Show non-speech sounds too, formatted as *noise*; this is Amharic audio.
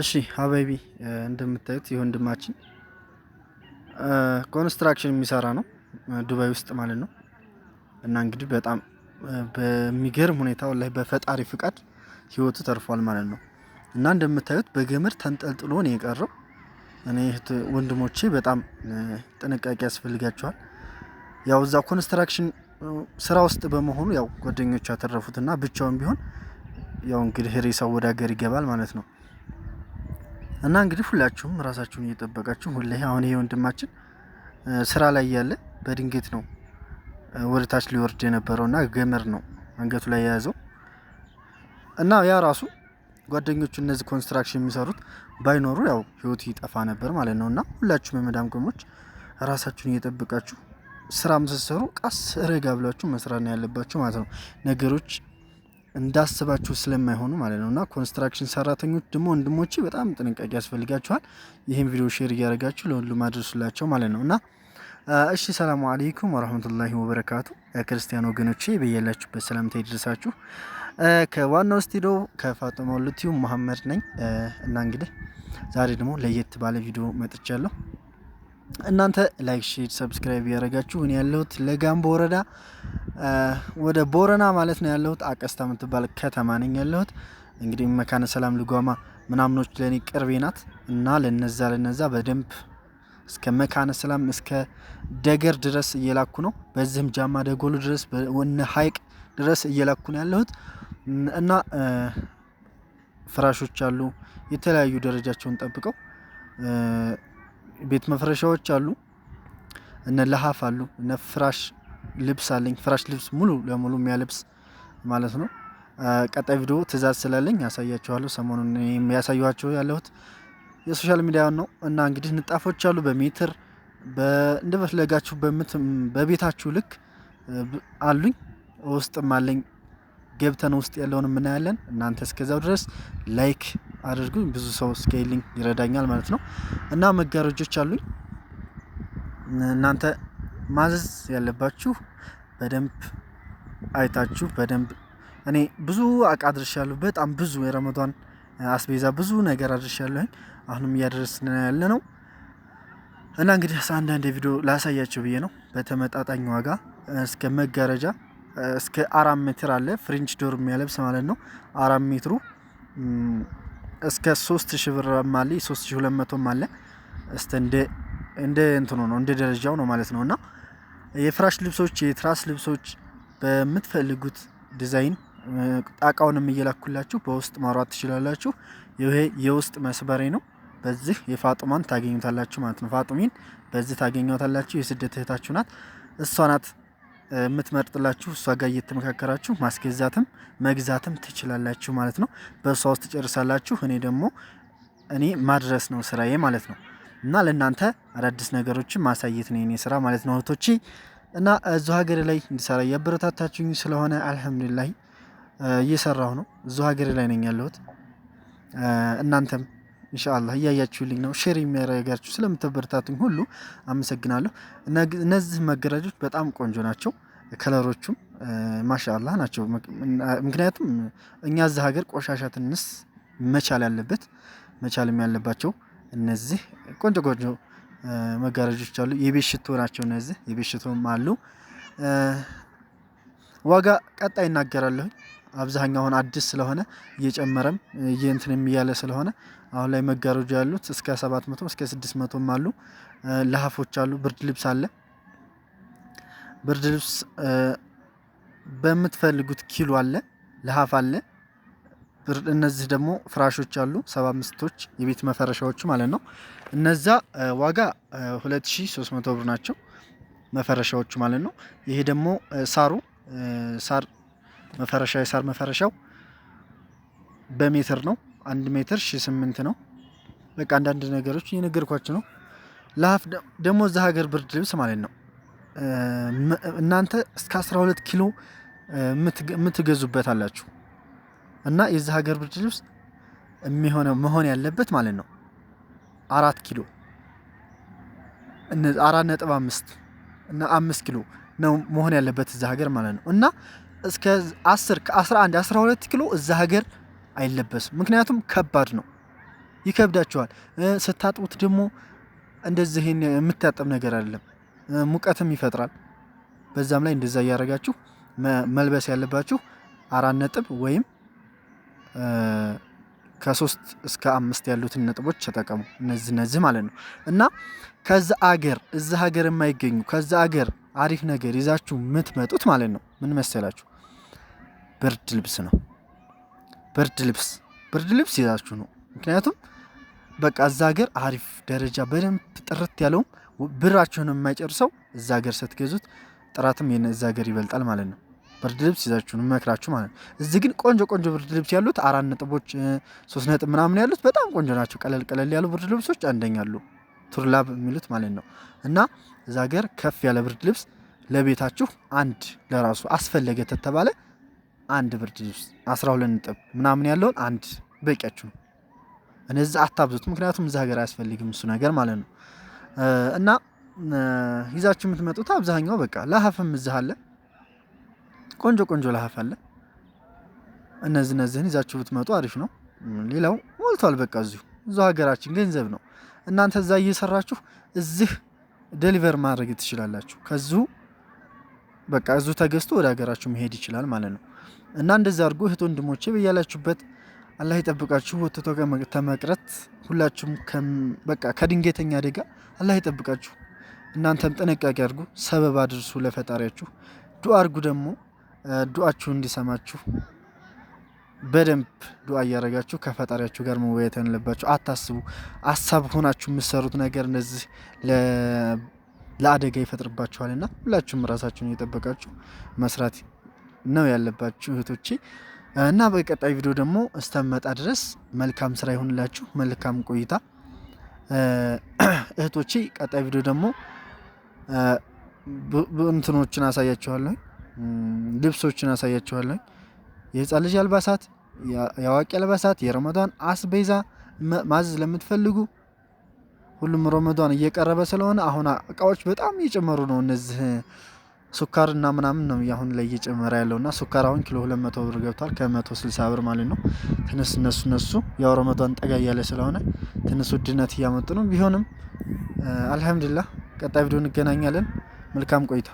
እሺ ሀበይቢ እንደምታዩት የወንድማችን ኮንስትራክሽን የሚሰራ ነው ዱባይ ውስጥ ማለት ነው። እና እንግዲህ በጣም በሚገርም ሁኔታ ላይ በፈጣሪ ፍቃድ ህይወቱ ተርፏል ማለት ነው። እና እንደምታዩት በገመድ ተንጠልጥሎ ነው የቀረው። እኔ ወንድሞቼ በጣም ጥንቃቄ ያስፈልጋቸዋል። ያው እዛ ኮንስትራክሽን ስራ ውስጥ በመሆኑ ያው ጓደኞቹ ያተረፉትና ብቻውን ቢሆን ያው እንግዲህ ሬሳው ወደ ሀገር ይገባል ማለት ነው። እና እንግዲህ ሁላችሁም ራሳችሁን እየጠበቃችሁ ወላሂ አሁን ይሄ ወንድማችን ስራ ላይ ያለ በድንገት ነው ወደ ታች ሊወርድ የነበረውና ገመድ ነው አንገቱ ላይ የያዘው እና ያ ራሱ ጓደኞቹ እነዚህ ኮንስትራክሽን የሚሰሩት ባይኖሩ ያው ህይወት ይጠፋ ነበር ማለት ነው። እና ሁላችሁም የመዳም ቅሞች ራሳችሁን እየጠበቃችሁ ስራ ምሰሰሩ ቀስ ረጋ ብላችሁ መስራት ነው ያለባችሁ ማለት ነው ነገሮች እንዳስባችሁ ስለማይሆኑ ማለት ነው። እና ኮንስትራክሽን ሰራተኞች ደግሞ ወንድሞቼ በጣም ጥንቃቄ ያስፈልጋችኋል። ይህም ቪዲዮ ሼር እያደረጋችሁ ለሁሉም አድርሱላቸው ማለት ነው እና እሺ ሰላሙ አለይኩም ወረህመቱላሂ ወበረካቱ። ክርስቲያን ወገኖቼ በያላችሁበት ሰላምታ ይድረሳችሁ። ከዋናው ስቱዲዮ ከፋጦማ ዩቲዩብ መሀመድ ነኝ እና እንግዲህ ዛሬ ደግሞ ለየት ባለ ቪዲዮ መጥቻለሁ። እናንተ ላይክ ሼር ሰብስክራይብ እያደረጋችሁ እኔ ያለሁት ለጋምቦ ወረዳ ወደ ቦረና ማለት ነው ያለሁት አቀስታ የምትባል ከተማ ነኝ ያለሁት። እንግዲህ መካነ ሰላም ልጓማ ምናምኖች ለእኔ ቅርቤ ናት እና ለነዛ ለነዛ በደንብ እስከ መካነ ሰላም እስከ ደገር ድረስ እየላኩ ነው። በዚህም ጃማ ደጎሉ ድረስ ወነ ሀይቅ ድረስ እየላኩ ነው ያለሁት እና ፍራሾች አሉ የተለያዩ ደረጃቸውን ጠብቀው ቤት መፍረሻዎች አሉ፣ እነ ለሀፍ አሉ፣ እነ ፍራሽ ልብስ አለኝ። ፍራሽ ልብስ ሙሉ ለሙሉ የሚያለብስ ማለት ነው። ቀጣይ ቪዲዮ ትእዛዝ ስላለኝ ያሳያችኋለሁ። ሰሞኑን ያሳየኋቸው ያለሁት የሶሻል ሚዲያ ነው እና እንግዲህ ንጣፎች አሉ በሜትር እንደፈለጋችሁ በቤታችሁ ልክ አሉኝ። ውስጥም አለኝ። ገብተን ውስጥ ያለውን እናያለን። እናንተ እስከዛው ድረስ ላይክ አድርጉኝ። ብዙ ሰው ስኬሊንግ ይረዳኛል ማለት ነው። እና መጋረጆች አሉኝ። እናንተ ማዘዝ ያለባችሁ በደንብ አይታችሁ በደንብ እኔ ብዙ እቃ አድርሻለሁ። በጣም ብዙ የረመዷን አስቤዛ ብዙ ነገር አድርሻለሁኝ። አሁንም እያደረስን ያለ ነው እና እንግዲህ አንዳንድ ቪዲዮ ላሳያቸው ብዬ ነው። በተመጣጣኝ ዋጋ እስከ መጋረጃ እስከ አራት ሜትር አለ ፍሬንች ዶር የሚያለብስ ማለት ነው። አራት ሜትሩ እስከ 3000 ብር ማለ 3200 ማለ እስተ እንደ እንደ እንትኑ ነው እንደ ደረጃው ነው ማለት ነውና የፍራሽ ልብሶች፣ የትራስ ልብሶች በምትፈልጉት ዲዛይን ጣቃውንም እየላኩላችሁ በውስጥ ማውራት ትችላላችሁ። ይሄ የውስጥ መስበሬ ነው። በዚህ የፋጡማን ታገኙታላችሁ ማለት ነው። ፋጡሚን በዚህ ታገኙታላችሁ። የስደት እህታችሁ ናት እሷ ናት የምትመርጥላችሁ እሷ ጋር እየተመካከራችሁ ማስገዛትም መግዛትም ትችላላችሁ ማለት ነው። በእሷ ውስጥ ጨርሳላችሁ። እኔ ደግሞ እኔ ማድረስ ነው ስራዬ ማለት ነው። እና ለእናንተ አዳዲስ ነገሮችን ማሳየት ነው የኔ ስራ ማለት ነው እህቶቼ። እና እዙ ሀገር ላይ እንዲሰራ እያበረታታችሁኝ ስለሆነ አልሐምዱሊላህ እየሰራሁ ነው። እዙ ሀገር ላይ ነኝ ያለሁት እናንተም እንሻአላ እያያችሁልኝ ነው። ሼር የሚያደርጋችሁ ስለምታበረታቱኝ ሁሉ አመሰግናለሁ። እነዚህ መጋረጃዎች በጣም ቆንጆ ናቸው። ከለሮቹም ማሻአላ ናቸው። ምክንያቱም እኛ እዚህ ሀገር ቆሻሻ ትንስ መቻል ያለበት መቻልም ያለባቸው እነዚህ ቆንጆ ቆንጆ መጋረጆች አሉ። የቤት ሽቶ ናቸው። እነዚህ የቤት ሽቶም አሉ። ዋጋ ቀጣይ እናገራለሁ። አብዛኛውን አዲስ ስለሆነ እየጨመረም እንትንም የሚያለ ስለሆነ አሁን ላይ መጋረጃ ያሉት እስከ 700 እስከ 600ም አሉ። ለሀፎች አሉ። ብርድ ልብስ አለ። ብርድ ልብስ በምትፈልጉት ኪሎ አለ። ለሀፍ አለ። እነዚህ ደግሞ ፍራሾች አሉ። 75ቶች የቤት መፈረሻዎች ማለት ነው። እነዛ ዋጋ 2300 ብር ናቸው መፈረሻዎቹ ማለት ነው። ይሄ ደግሞ ሳሩ ሳር መፈረሻ የሳር መፈረሻው በሜትር ነው። አንድ ሜትር ሺ ስምንት ነው። በቃ አንዳንድ ነገሮች እየነገርኳችሁ ነው። ለሀፍ ደግሞ እዛ ሀገር ብርድ ልብስ ማለት ነው እናንተ እስከ 12 ኪሎ የምትገዙበት አላችሁ እና የዚህ ሀገር ብርድ ልብስ የሚሆነው መሆን ያለበት ማለት ነው አራት ኪሎ አራት ነጥብ አምስት እና አምስት ኪሎ ነው መሆን ያለበት እዛ ሀገር ማለት ነው እና እስከ 10 ከ11 12 ኪሎ እዛ ሀገር አይለበስም። ምክንያቱም ከባድ ነው፣ ይከብዳቸዋል። ስታጥቡት ደግሞ እንደዚህ የምታጠብ ነገር አይደለም፣ ሙቀትም ይፈጥራል። በዛም ላይ እንደዛ እያደረጋችሁ መልበስ ያለባችሁ አራት ነጥብ ወይም ከሶስት እስከ አምስት ያሉትን ነጥቦች ተጠቀሙ። እነዚህ እነዚህ ማለት ነው እና ከዛ አገር እዛ ሀገር የማይገኙ ከዛ አገር አሪፍ ነገር ይዛችሁ የምትመጡት ማለት ነው ምን መሰላችሁ ብርድ ልብስ ነው። ብርድ ልብስ ብርድ ልብስ ይዛችሁ ነው። ምክንያቱም በቃ እዛ ሀገር አሪፍ ደረጃ በደንብ ጥርት ያለውም ብራችሁን የማይጨርሰው እዛ ሀገር ስትገዙት ጥራትም የነ እዛ ሀገር ይበልጣል ማለት ነው። ብርድ ልብስ ይዛችሁ ነው መክራችሁ ማለት ነው። እዚህ ግን ቆንጆ ቆንጆ ብርድ ልብስ ያሉት አራት ነጥቦች ሶስት ነጥብ ምናምን ያሉት በጣም ቆንጆ ናቸው። ቀለል ቀለል ያሉ ብርድ ልብሶች አንደኛ አንደኛሉ ቱርላብ የሚሉት ማለት ነው። እና እዛ ሀገር ከፍ ያለ ብርድ ልብስ ለቤታችሁ አንድ ለራሱ አስፈለገ ተተባለ አንድ ብርድ ልብስ 12 ነጥብ ምናምን ያለውን አንድ በቂያችሁ ነው። እነዚህ አታብዙት፣ ምክንያቱም እዛ ሀገር አያስፈልግም እሱ ነገር ማለት ነው። እና ይዛችሁ የምትመጡት አብዛኛው በቃ ለሀፍም እዚህ አለ፣ ቆንጆ ቆንጆ ለሀፍ አለ። እነዚህ እነዚህን ይዛችሁ ብትመጡ አሪፍ ነው። ሌላው ሞልቷል በቃ እዚሁ እዙ ሀገራችን ገንዘብ ነው። እናንተ እዛ እየሰራችሁ እዚህ ደሊቨር ማድረግ ትችላላችሁ። ከዙ በቃ እዙ ተገዝቶ ወደ ሀገራችሁ መሄድ ይችላል ማለት ነው። እና እንደዚህ አድርጎ እህት ወንድሞቼ በያላችሁበት አላህ ይጠብቃችሁ። ወጥቶ ከመቅረት ሁላችሁም በቃ ከድንገተኛ አደጋ አላህ ይጠብቃችሁ። እናንተም ጥንቃቄ አድርጉ፣ ሰበብ አድርሱ ለፈጣሪያችሁ። ዱአ አድርጉ ደግሞ ዱአችሁ እንዲሰማችሁ በደንብ ዱአ እያደረጋችሁ ከፈጣሪያችሁ ጋር መወያየት ያለባችሁ። አታስቡ፣ አሳብ ሆናችሁ የምትሰሩት ነገር እነዚህ ለአደጋ ይፈጥርባችኋልና ሁላችሁም ራሳችሁን እየጠበቃችሁ መስራት ነው ያለባችሁ እህቶቼ እና በቀጣይ ቪዲዮ ደግሞ እስተመጣ ድረስ መልካም ስራ ይሁንላችሁ። መልካም ቆይታ *clears throat* እህቶቼ። ቀጣይ ቪዲዮ ደግሞ እንትኖችን አሳያችኋለሁ፣ ልብሶችን አሳያችኋለሁ። የህፃን ልጅ አልባሳት፣ የአዋቂ አልባሳት፣ የረመዷን አስቤዛ ማዘዝ ለምትፈልጉ ሁሉም ረመዷን እየቀረበ ስለሆነ አሁን እቃዎች በጣም እየጨመሩ ነው እነዚህ ሱካር እና ምናምን ነው አሁን ላይ እየጨመረ ያለው እና ሱካር አሁን ኪሎ 200 ብር ገብቷል ከመቶ ከ160 ብር ማለት ነው። ትንስ እነሱ እነሱ ያው ረመዷን ጠጋ እያለ ስለሆነ ትንስ ውድነት እያመጡ ነው። ቢሆንም አልሐምዱሊላህ ቀጣይ ቪዲዮ እንገናኛለን። መልካም ቆይታ